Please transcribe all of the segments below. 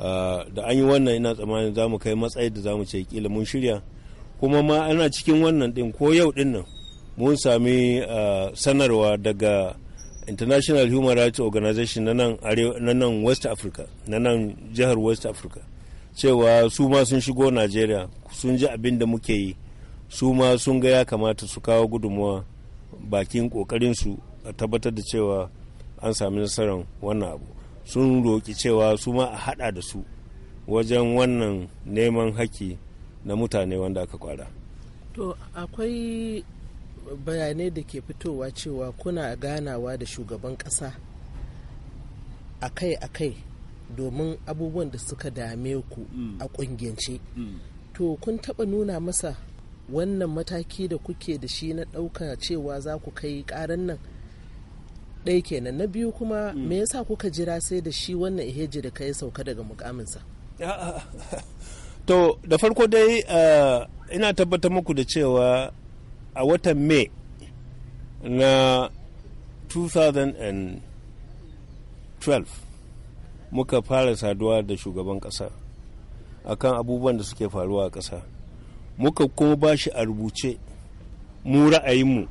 Ah, da an yi wannan ina tsammanin za mu kai matsayin da za mu ce kila mun shirya kuma ma ana cikin wannan din ko yau din mun sami ah, sanarwa daga international human rights organization na nan west africa na nan jihar west africa cewa su ma sun shigo najeriya sun ji abin da muke yi su ma sun ga ya kamata su kawo gudunmuwa bakin kokarinsu a tabbatar da cewa an sami nasarar wannan abu sun roƙi cewa su ma a haɗa da su wajen wannan neman haƙƙi na mutane wanda aka kwara. To akwai bayanai da ke fitowa cewa kuna ganawa da shugaban ƙasa akai-akai domin abubuwan da suka dame ku mm. a ƙungiyance. Mm. To kun taɓa nuna masa wannan mataki da kuke da shi na ɗauka cewa za ku kai ƙaran nan ɗaya kenan na biyu kuma mm. me yasa kuka jira sai da shi wannan iheji da kai yi sauka daga mukaminsa to da farko dai eh, ina tabbatar muku da cewa a watan may na 2012 muka fara saduwa da shugaban ƙasa akan abubuwan da suke faruwa a ƙasa muka ko ba shi a rubuce mu ra'ayinmu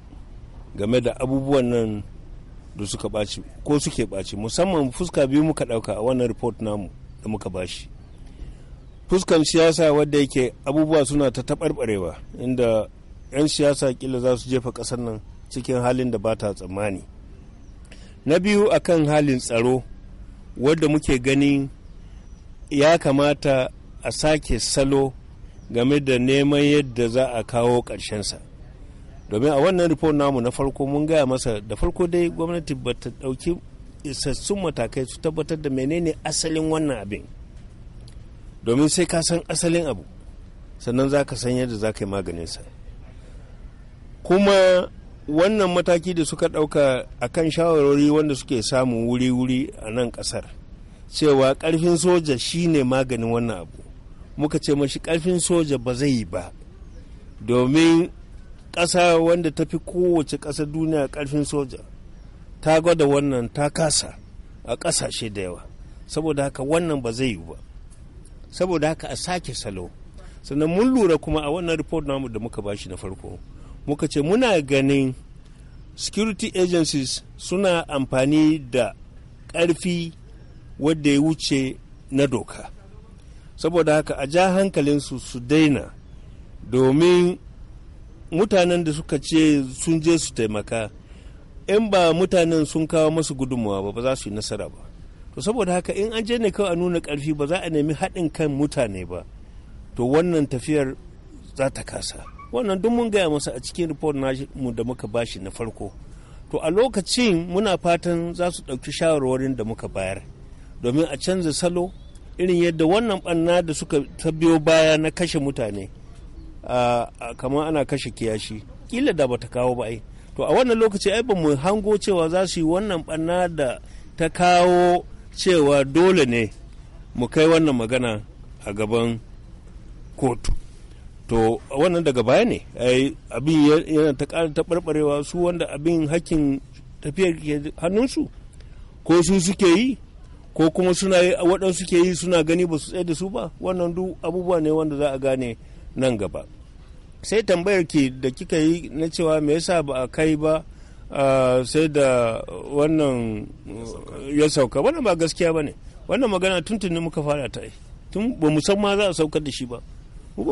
game da abubuwan nan da suka ɓaci ko suke baci musamman fuska biyu muka ɗauka a wannan report namu da muka bashi fuskan siyasa wadda yake abubuwa suna ta taɓarɓarewa inda 'yan siyasa kila za su jefa ƙasar nan cikin halin da ba ta tsammani na biyu a kan halin tsaro wadda muke gani ya kamata a sake salo game da neman yadda za a kawo ƙarshensa domin a wannan report namu na farko mun gaya masa da farko dai gwamnati ba ta ɗauki isassun matakai su tabbatar da menene asalin wannan abin domin sai ka san asalin abu sannan za ka san yadda za ka yi maganin sa kuma wannan mataki da suka ɗauka a kan shawarwari wanda suke samun wuri-wuri a nan kasar cewa karfin soja shine maganin wannan abu muka ce mashi karfin soja ba zai yi ba domin ƙasa wanda ta fi kowace ƙasa duniya ƙarfin soja ta gwada wannan ta kasa a ƙasashe da yawa saboda haka wannan ba zai yiwu ba saboda haka a sake salo sannan mun lura kuma a wannan report namu da muka bashi na farko muka ce muna ganin security agencies suna amfani da ƙarfi wadda ya wuce na doka saboda haka a ja hankalinsu su daina domin mutanen da suka ce sun je su taimaka in ba mutanen sun kawo masu gudunmawa ba ba za su yi nasara ba to saboda haka in an je ne kawai a nuna karfi ba za a nemi haɗin kan mutane ba to wannan tafiyar za ta kasa wannan duk mun gaya masa a cikin report mu da muka bashi na farko to a lokacin muna fatan za su ɗauki shawarwarin da muka bayar domin a canza salo irin yadda wannan ɓanna da suka ta biyo baya na kashe mutane kamar ana kashe kiyashi ƙila da bata kawo ba ai to a wannan lokaci ai ba mu hango cewa za su yi wannan banna da ta kawo cewa dole ne mu kai wannan magana a gaban kotu to wannan daga baya ne abin yana ta ƙara taɓarɓarewa su wanda abin hakkin tafiyar hannunsu ko su suke yi ko kuma suna yi waɗansu suke yi suna gani ba su tsaye da su ba wannan duk abubuwa ne wanda za a gane nan gaba sai tambayar ki da kika yi na cewa me yasa ba a kai ba sai da wannan ya sauka wannan ba gaskiya ba ne wannan magana tuntuni muka fara ta yi tun ba mu san ma za a saukar da shi ba ba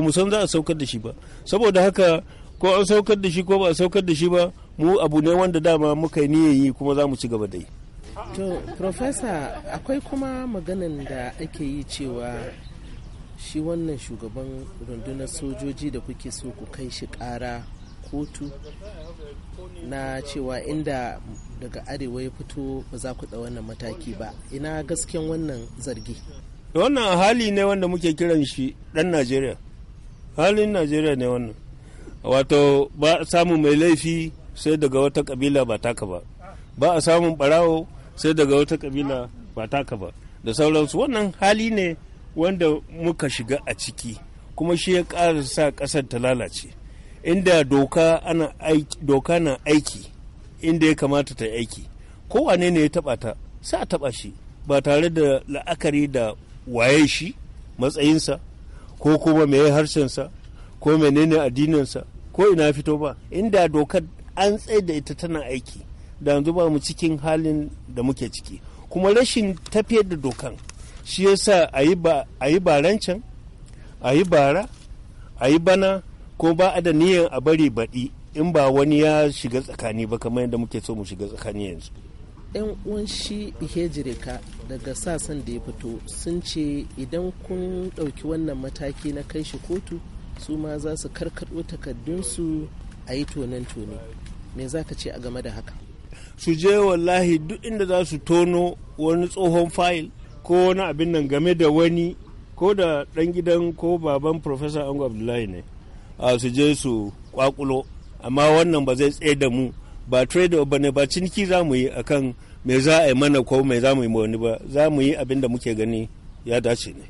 mu san za a saukar da shi ba saboda haka ko an saukar da shi ko ba a saukar da shi ba mu abu ne wanda dama muka yi niyan yi kuma za mu ci gaba da yi to profesa akwai kuma maganan da ake yi cewa shi wannan shugaban rundunar sojoji da kuke so ku kai shi ƙara kotu na cewa inda daga arewa ya fito ba za ku da wannan mataki ba ina gasken wannan zargi wannan hali ne wanda muke kiran shi dan najeriya halin najeriya ne wannan wato ba a samun mai laifi sai daga wata kabila ba taka ba ba a samun barawo sai daga wata kabila ba taka ba da sauransu wannan hali ne wanda muka shiga a ciki kuma shi ya ƙara sa ƙasar ta lalace inda doka ana aiki doka na aiki inda ya kamata ta aiki kowane ne ya taba ta sa a taba shi ba tare da la'akari da waye shi matsayinsa ko kuma mai harshensa ko menene addininsa ko ina fito ba inda dokar an tsaye da ita tana aiki da yanzu ba mu cikin halin da muke ciki kuma rashin tafiyar da dokan shi yasa a yi barancan a yi bara a yi bana ko ba a da niyan a bari baɗi in ba wani ya shiga tsakani ba kamar yadda muke so mu shiga tsakani yanzu yan uwan shi daga sassan da ya fito sun ce idan kun ɗauki wannan mataki na kai shi kotu su ma za su karkaɗo takardunsu a yi tonen tone me za ka ce a game da haka su je wallahi duk inda za su tono wani tsohon fayil ko wani abin nan game da wani ko da ɗan gidan ko baban Profesa Ango Abdullahi ne a su je su kwakulo amma wannan ba zai tsaye da mu ba trade ba ne ba ciniki za mu yi akan me za a yi mana ko me za mu yi wani ba za mu yi abin da muke gani ya dace ne.